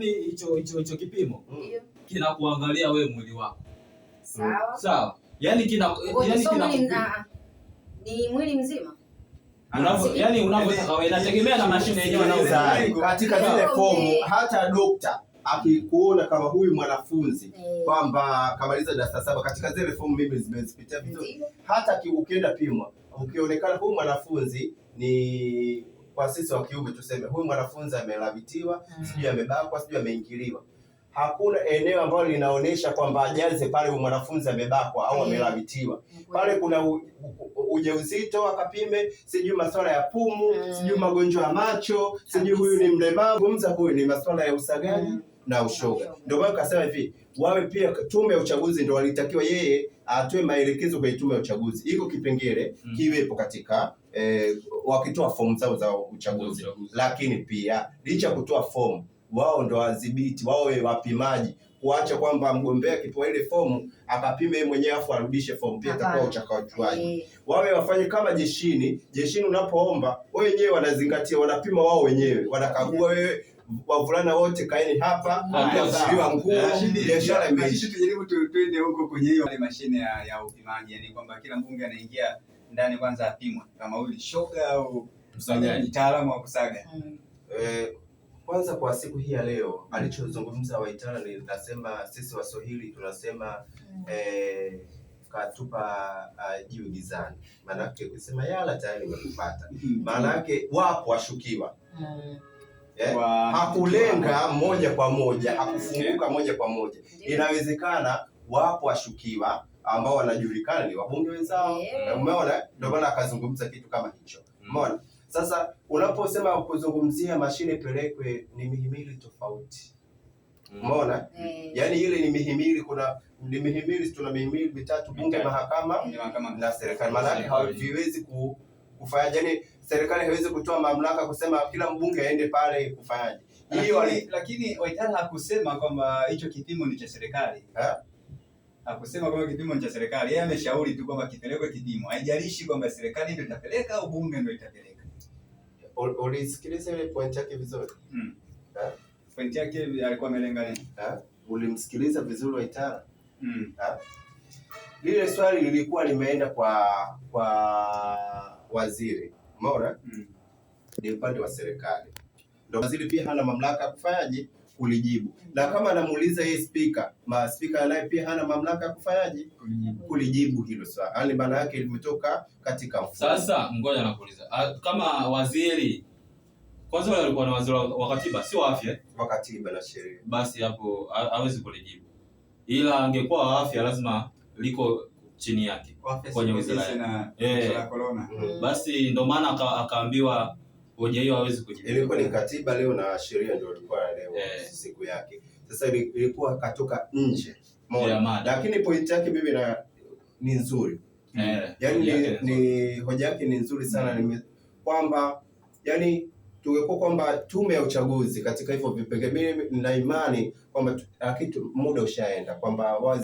yani hicho hicho hicho kipimo mm. kinakuangalia we mwili wako sawa mm. sawa, yani kina Uwe, yani kina ni mwili mzima yani unavyotaka, inategemea na mashine yenyewe na uzai katika zile fomu. Hata dokta akikuona kama huyu mwanafunzi eh. kwamba kamaliza darasa saba, katika zile fomu mimi zimezipitia vizuri, hata ukienda pimwa, ukionekana huyu mwanafunzi ni kwa sisi wa kiume tuseme huyu mwanafunzi amelavitiwa, mm. sijui amebakwa, sijui ameingiliwa. Hakuna eneo ambalo linaonyesha kwamba ajaze pale mwanafunzi amebakwa au mm. amelavitiwa. Mm, pale kuna u, ujeuzito akapime, sijui masuala ya pumu, sijui magonjwa ya macho, sijui huyu ni mlemavu, huyu ni masuala ya usagani na ushoga. Ndio maana kasema hivi, wawe pia tume ya uchaguzi ndio walitakiwa yeye atoe maelekezo kwa tume ya uchaguzi, iko kipengele mm. kiwepo katika eh, wakitoa fomu zao za uchaguzi mm. lakini pia licha ya kutoa fomu wao ndo wadhibiti, wao wapimaji, kuacha kwamba mgombea akipewa ile fomu akapime yeye mwenyewe afu arudishe fomu, pia atakuwa uchakajuaji. Eh. Wawe wafanye kama jeshini. Jeshini unapoomba wenyewe wanazingatia, wanapima wao wenyewe, wanakagua wewe wavulana wote kaeni hapa, mtazaliwa nguo, biashara Tujaribu tuende huko kwenye hiyo mashine ya, ya upimaji, yani kwamba kila mbunge anaingia ndani kwanza apimwe kama huyu shoga au mtaalamu wa kusaga eh, kwanza kwa siku hii ya leo alichozungumza Waitara ni nasema sisi Waswahili tunasema mm. eh, katupa uh, jiwe Maana maanake kusema yala tayari wamepata, yake mm. wapo washukiwa mm. Yeah. Hakulenga moja kwa moja, hakufunguka eh? moja kwa moja. Inawezekana wapo washukiwa ambao wanajulikana ni wabunge wenzao, umeona? Ndio maana akazungumza kitu kama hicho, mm. umeona? Sasa unaposema kuzungumzia mashine pelekwe, ni mihimili tofauti, mm. umeona? Eh. Yaani ile ni mihimili, kuna ni mihimili, tuna mihimili mitatu: bunge, mahakama na serikali. Maana haviwezi ku kufanyaje, yani serikali haiwezi kutoa mamlaka kusema kila mbunge aende pale kufanyaje hiyo. Lakini Waitara hakusema kwamba hicho kipimo ni cha serikali ha? Hakusema kwamba kipimo ni cha serikali, yeye ameshauri tu kwamba kipelekwe kipimo, haijalishi kwamba serikali ndio itapeleka au bunge ndio itapeleka. Ulisikiliza ile point yake vizuri hmm. Point yake alikuwa amelenga nini? Ulimsikiliza vizuri Waitara hmm. Lile swali lilikuwa limeenda kwa kwa waziri, mora mm. ni upande wa serikali, ndo waziri pia hana mamlaka ya kufanyaje kulijibu, na kama anamuuliza yeye spika, ma spika naye pia hana mamlaka ya kufanyaje kulijibu hilo swali, yaani maana yake limetoka katika mfumo. Sasa mgoja anakuuliza kama waziri kwanza wale walikuwa na waziri wa katiba, sio afya, wa katiba na sheria, basi hapo hawezi kulijibu, ila angekuwa afya lazima liko chini yake kwenye wizara ya eh. corona. Mm. Mm. Basi ndio maana akaambiwa hoja hiyo hawezi kuja. Ilikuwa ni katiba leo na sheria ndio ilikuwa leo eh. siku yake. Sasa ilikuwa katoka nje moja, lakini point yake mimi na ni nzuri eh, yani ni hoja yake ni nzuri sana mm, kwamba yani tungekuwa kwamba tume ya uchaguzi katika hivyo vipengele, mimi nina imani kwamba lakini muda ushaenda kwamba